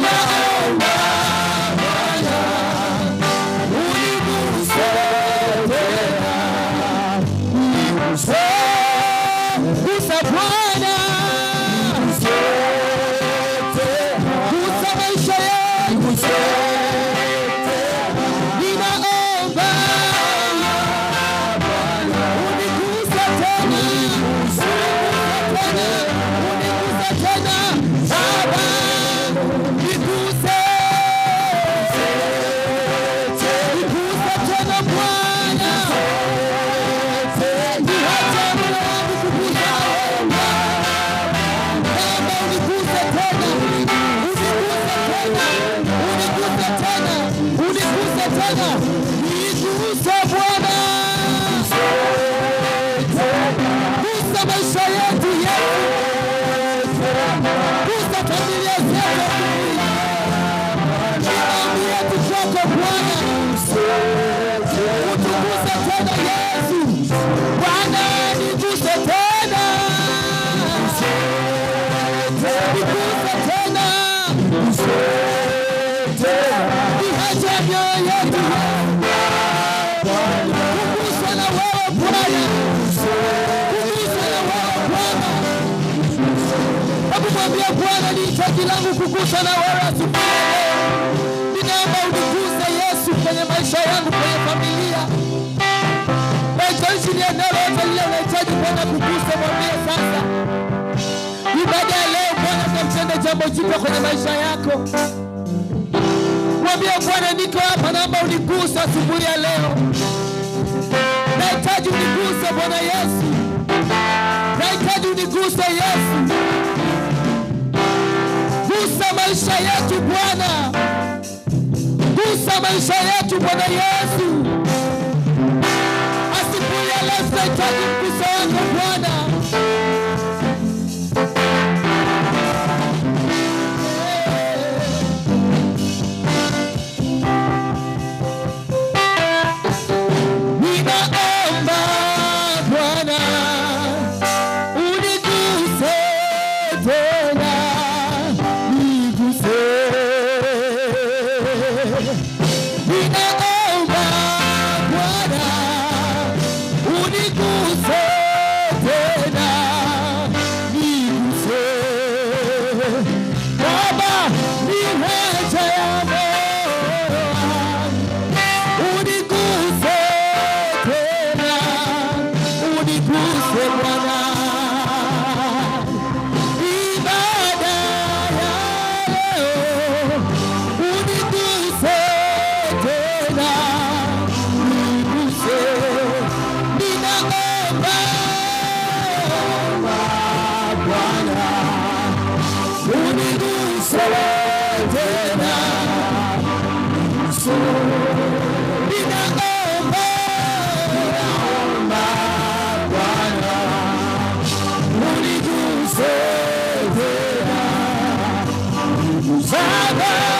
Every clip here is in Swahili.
now. nigushe na wewe asubuhi Ninaomba uniguse Yesu kwenye maisha yangu, kwenye familia naitoishi, ni eneo lote lile unahitaji Bwana kuguse, mwambie sasa. Ibada ya leo Bwana kamtende jambo jipya kwenye maisha yako. Mwambie Bwana, niko hapa, naomba uniguse asubuhi ya leo. Nahitaji uniguse Bwana Yesu, nahitaji uniguse Yesu. Gusa maisha yetu Bwana, gusa maisha yetu Bwana Yesu, asiku leo tunahitaji mguso Father.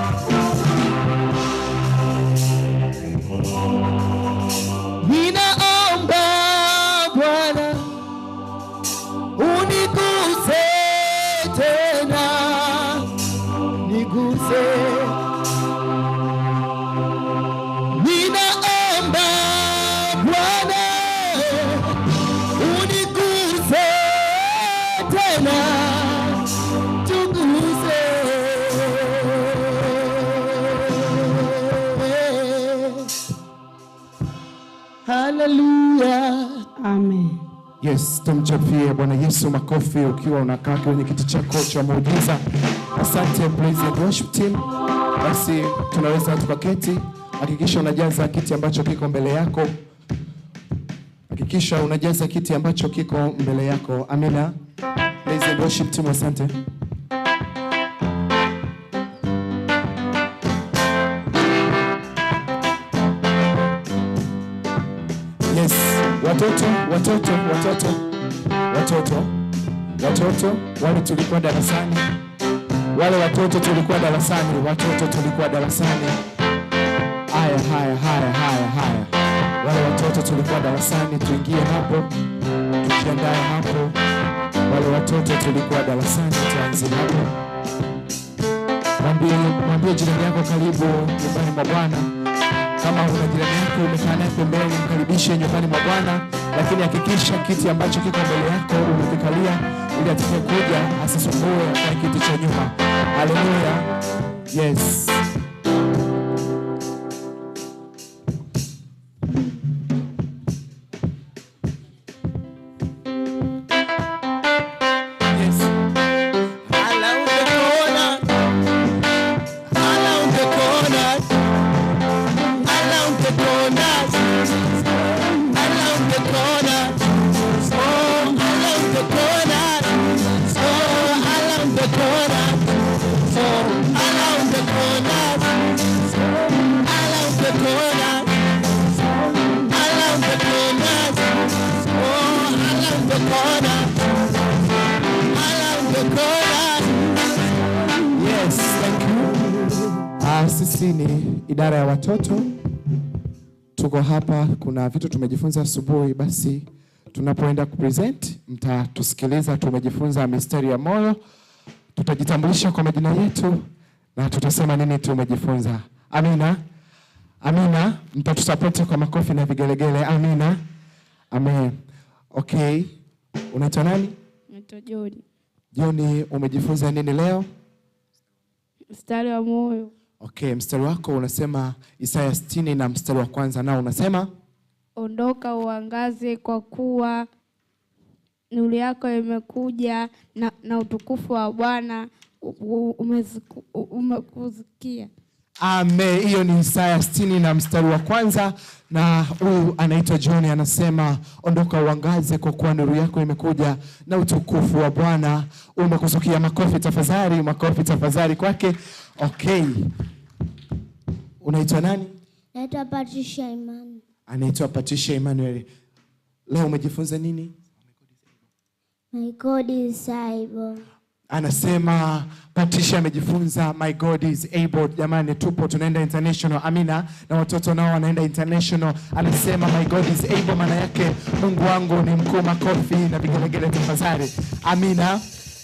mchafie. Bwana Yesu makofi ukiwa unakaa kwenye kiti chako cha muujiza. Asante praise and worship team. Basi tunaweza tukaketi. Hakikisha unajaza kiti ambacho kiko mbele yako. Hakikisha unajaza kiti ambacho kiko mbele yako. Amina. Praise and worship team, asante. Yes, watoto, watoto, watoto. Watoto, watoto wale tulikuwa darasani, wale watoto tulikuwa darasani, watoto tulikuwa darasani. Haya, haya, haya, haya, haya, wale watoto tulikuwa darasani, tuingie hapo, tujiandae hapo. Wale watoto tulikuwa darasani, tuanze hapo. Mwambie, mwambie jirani yako, karibu nyumbani mwa Bwana. Kama una jirani yako umekaa naye pembeni, mkaribishe nyumbani mwa Bwana lakini hakikisha kiti ambacho kiko mbele yako umekikalia, ili atakayekuja asisumbue na kiti cha nyuma. Haleluya, yes. Sisi ni idara ya watoto, tuko hapa. Kuna vitu tumejifunza asubuhi, basi tunapoenda kupresent mtatusikiliza. Tumejifunza mistari ya moyo, tutajitambulisha kwa majina yetu na tutasema nini tumejifunza. Amina, amina. Mtatusapoti kwa makofi na vigelegele. Amina, amen. Okay, unaitwa nani? Naitwa Joni, umejifunza nini leo? Mstari wa moyo. Okay, mstari wako unasema Isaya 60 na mstari wa kwanza nao unasema ondoka uangaze, kwa kuwa nuru yako imekuja na, na utukufu wa Bwana umekuzikia ame Hiyo ni Isaya sitini na mstari wa kwanza na huyu anaitwa John anasema, ondoka uangaze, kwa kuwa nuru yako imekuja na utukufu wa Bwana umekusukia. Makofi tafadhali, makofi tafadhali kwake. Okay, unaitwa nani? Naitwa Patricia Emmanuel. Anaitwa Patricia Emmanuel. Leo umejifunza nini? My God is anasema Patricia amejifunza my God is able. Jamani, tupo tunaenda international. Amina, na watoto nao wanaenda international. Anasema my God is able, maana yake Mungu wangu ni mkuu. Makofi na vigelegele tafadhali. Amina,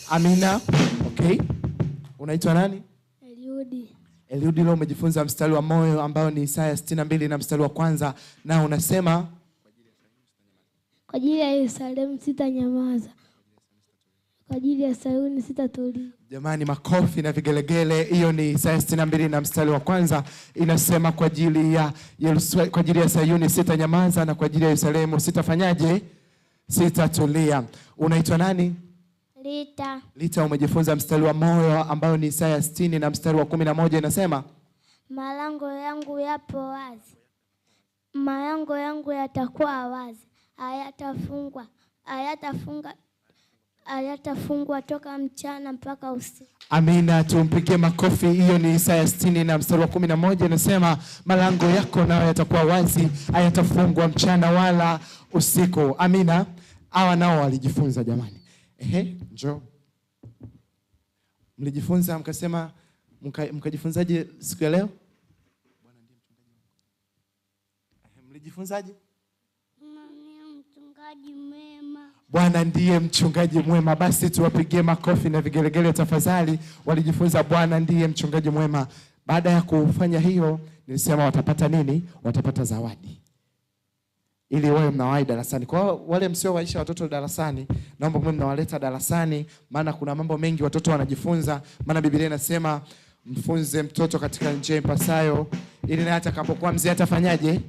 amina. Okay, unaitwa nani? Eliudi. Eliudi, leo umejifunza mstari wa moyo ambao ni Isaya 62 na mstari wa kwanza, na unasema kwa ajili ya Yerusalemu sitanyamaza kwa ajili ya Sayuni sitatulia. Jamani, makofi na vigelegele. Hiyo ni Isaya sitini na mbili na mstari wa kwanza inasema, kwa ajili ya kwa ajili ya Sayuni sitanyamaza na kwa ajili ya Yerusalemu sitafanyaje? Sitatulia. Unaitwa nani? Lita. Lita, umejifunza mstari wa moyo ambayo ni Isaya sitini na mstari wa kumi na moja inasema, malango yangu yapo wazi, malango yangu yatakuwa wazi, hayatafungwa hayatafunga hayatafungwa toka mchana mpaka usiku. Amina, tumpigie makofi. Hiyo ni Isaya sitini na mstari wa kumi na moja inasema, malango yako nayo yatakuwa wazi, hayatafungwa mchana wala usiku. Amina, hawa nao walijifunza jamani. Ehe, njo mlijifunza mkasema, mkajifunzaje mka siku ya leo? Mlijifunzaje? mchungaji Bwana ndiye mchungaji mwema. Basi tuwapigie makofi na vigelegele tafadhali. Walijifunza Bwana ndiye mchungaji mwema. Baada ya kufanya hiyo, nilisema watapata nini? Watapata zawadi ili wawe mnawahi darasani. Kwa wale msio waisha watoto darasani, naomba mwe mnawaleta darasani, maana kuna mambo mengi watoto wanajifunza, maana Biblia inasema mfunze mtoto katika njia ipasayo, ili naye atakapokuwa mzee atafanyaje?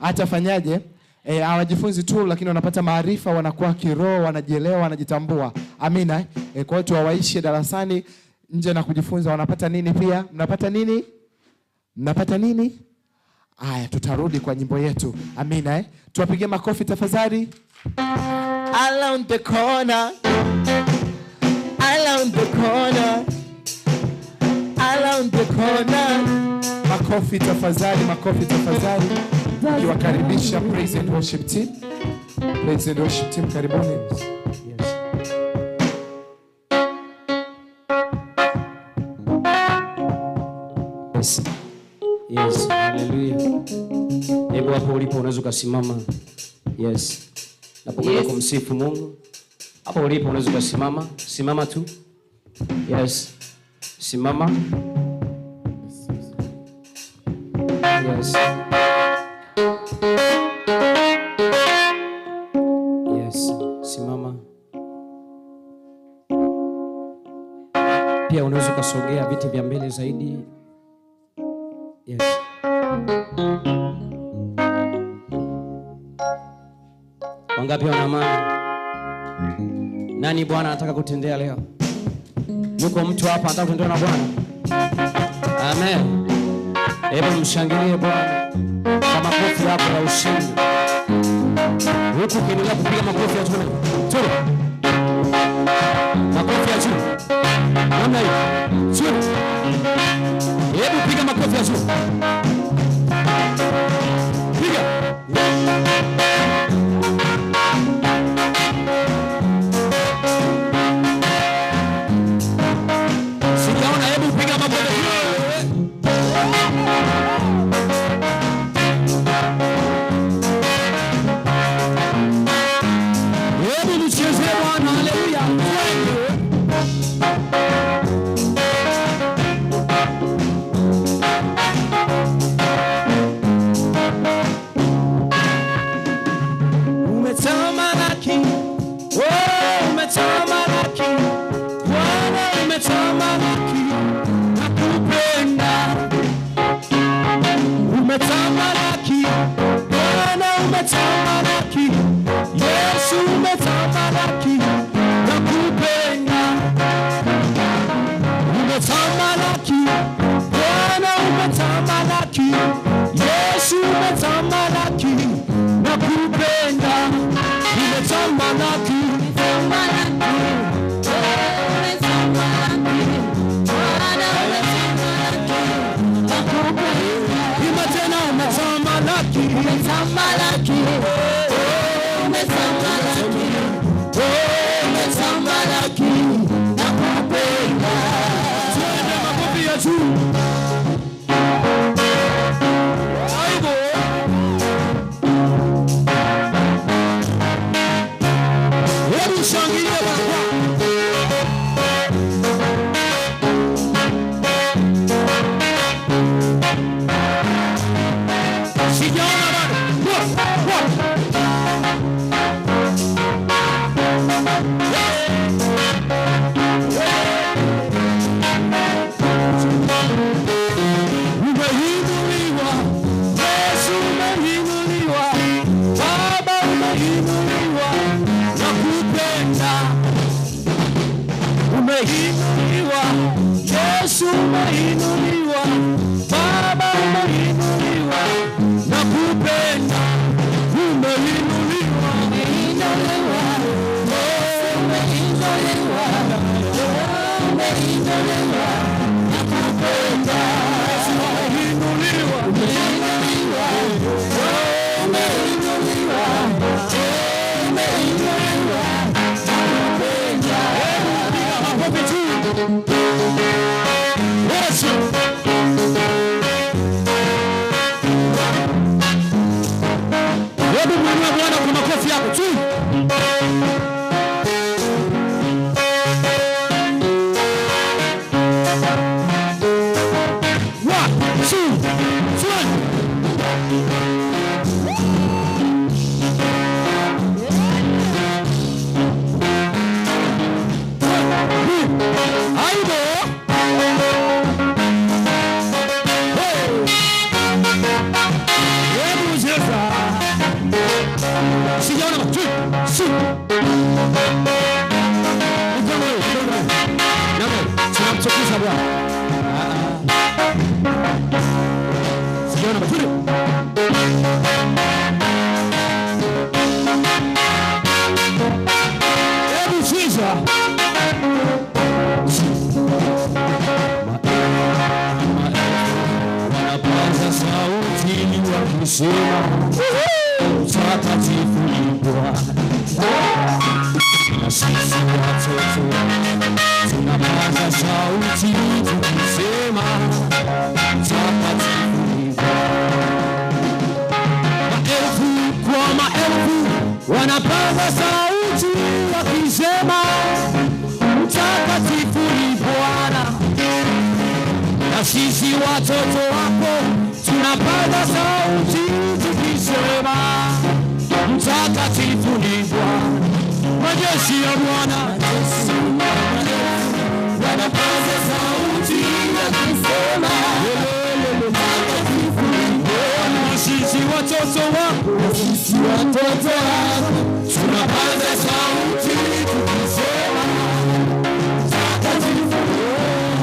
Atafanyaje? E, tu lakini wanapata maarifa, wanakuwa kiroho, wanajielewa, wanajitambua. Amina. E, kwa hiyo tuwawaishe darasani nje na kujifunza, wanapata nini pia? Mnapata nini? Mnapata nini? Aya, tutarudi kwa nyimbo yetu. Amina. Eh, tuwapige makofi tafadhali. Around the corner. Around the corner. Makofi tafadhali, makofi tafadhali. Niwakaribisha praise and worship team. Praise and worship team, karibuni. Yes. Yes, haleluya. Hebu hapo ulipo unaweza ukasimama. Yes. Napokwenda kumsifu Mungu. Hapo ulipo unaweza ukasimama. Simama tu. Yes. Simama. Yes. Yes, simama. Pia unaweza ukasogea viti vya mbele zaidi. Yes. Wangapi wana amani? Nani Bwana anataka kutendea leo? Yuko mtu hapa anataka kutendewa na Bwana? Amen. Hebu mshangilie Bwana kwa makofi yako ya ushindi, huku ukiendelea kupiga makofi ya juu, makofi ya juu namna hiyo, hebu piga makofi ya juu. Sambala umeinuliwa, Yesu umeinuliwa sauti tukisema mtakatifu. Maelfu kwa maelfu wanapaza sauti wakisema mtakatifu ni Bwana, na sisi watoto wako tunapaza sauti tukisema mtakatifu ni Bwana, majeshi ya Bwana, majeshi watoto wako, sisi watoto wako tunapaza sauti tukisema, takatifu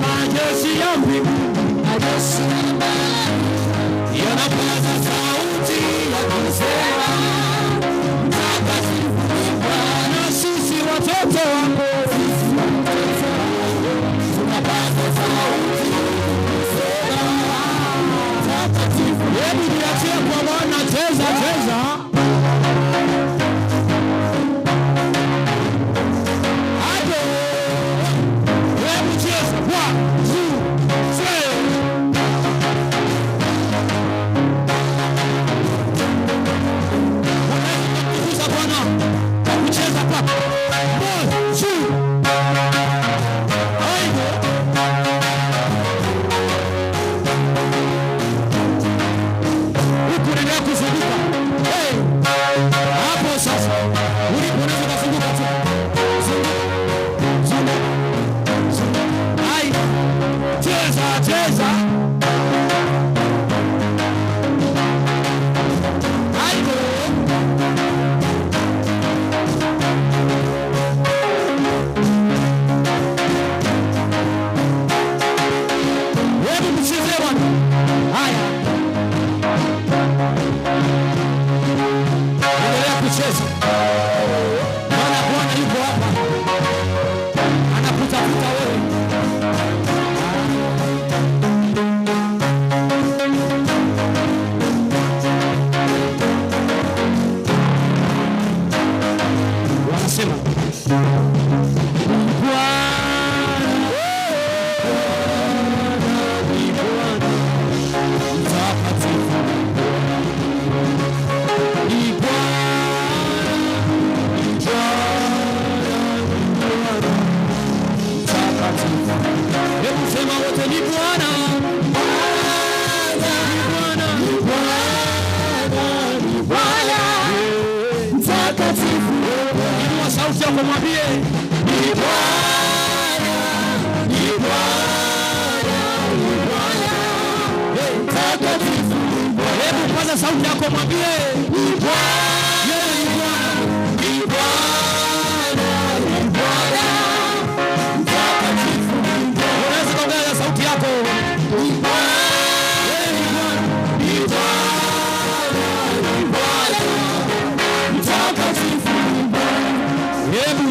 majeshi ya mbinguni, majeshi ya mbinguni yanapaza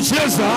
kucheza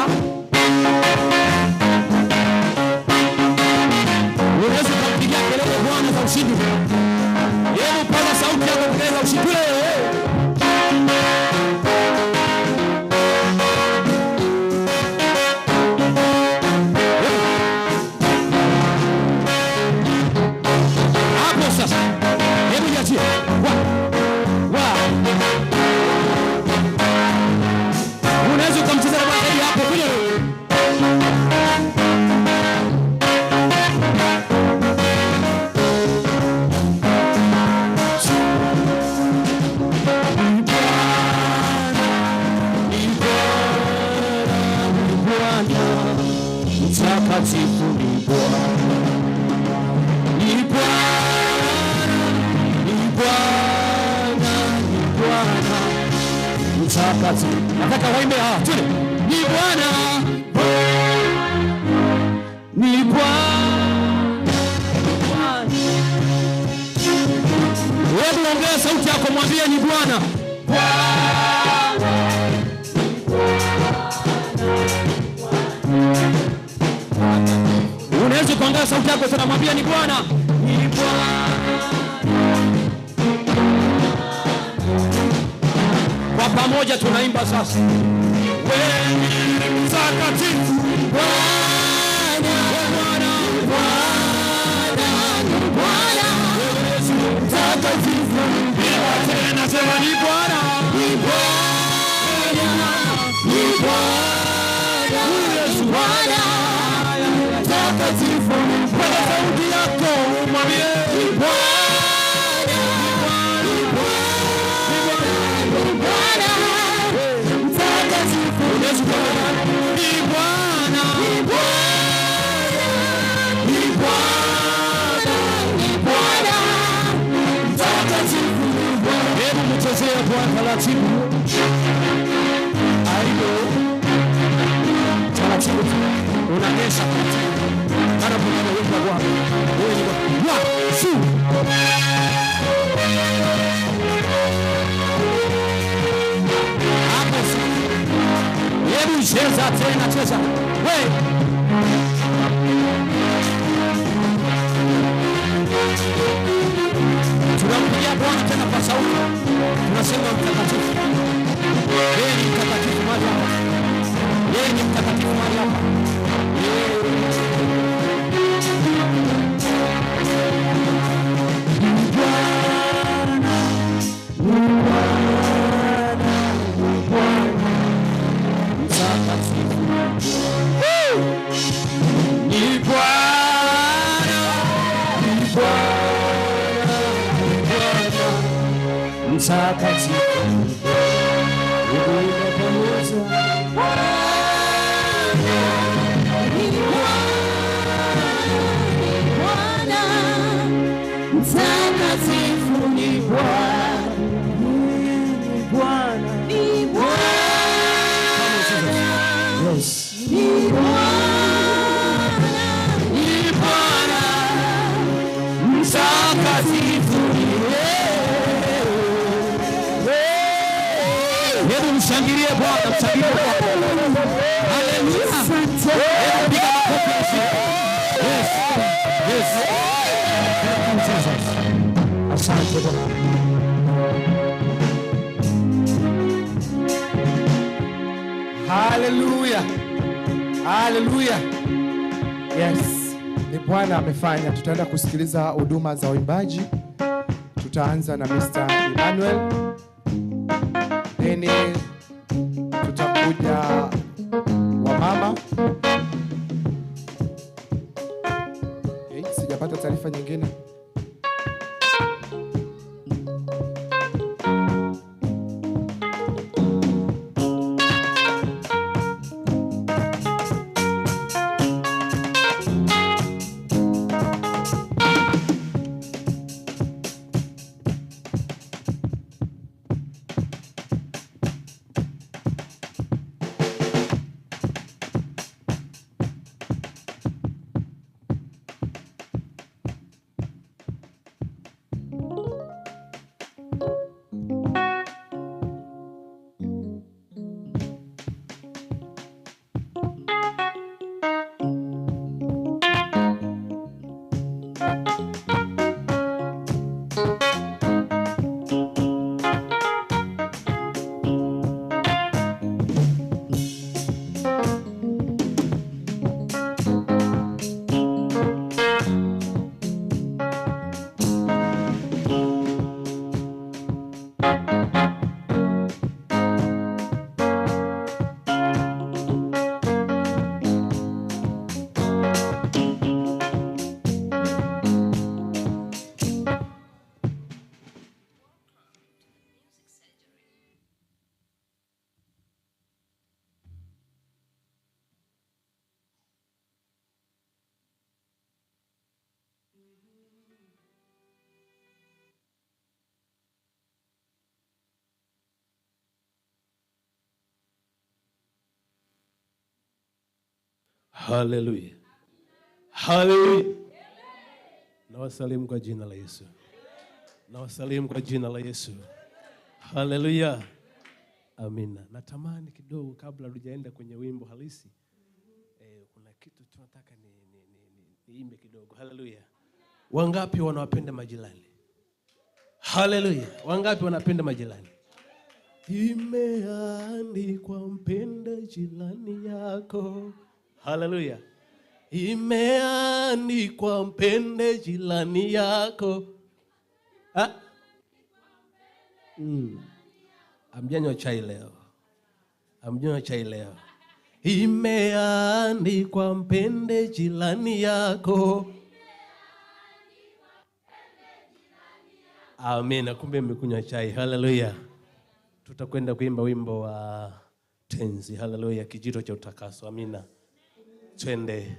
tatu. Nataka waimbe hawa, ah, tule. Ni Bwana ni Bwana. Hebu ongea sauti yako, mwambie ni Bwana. Unaweza kuongea sauti yako, tunamwambia ni Bwana, ni Bwana pamoja tunaimba sasa. Wewe ni ni Bwana, ni yako umwambie unanyesha mara mwingine wimba Bwana wewe ni wafu hapo. Hebu cheza tena, cheza wewe Asante Haleluya. Yes. Ni Bwana amefanya. Tutaenda kusikiliza huduma za uimbaji. Tutaanza na Mr. Emmanuel kuja wa mama sijapata taarifa nyingine. Haleluya, haleluya. Nawasalimu kwa jina la Yesu, nawasalimu kwa jina la Yesu. Haleluya, amina. Natamani kidogo, kabla tujaenda kwenye wimbo halisi, eh, kuna kitu tu nataka ni, ni, ni, ni, kidogo. Haleluya. Wangapi wanawapenda majirani? Haleluya, wangapi wanapenda majirani? Imeandikwa, mpenda jirani yako Haleluya. Imeandikwa, mpende jirani yako. Ha? Ah. Hmm. Amjanywa chai leo, amjanywa chai leo. Imeandikwa, mpende jirani yako. Amina. Kumbe mekunywa chai. Haleluya. Tutakwenda kuimba wimbo wa tenzi. Haleluya, kijito cha utakaso. Amina. Twenty.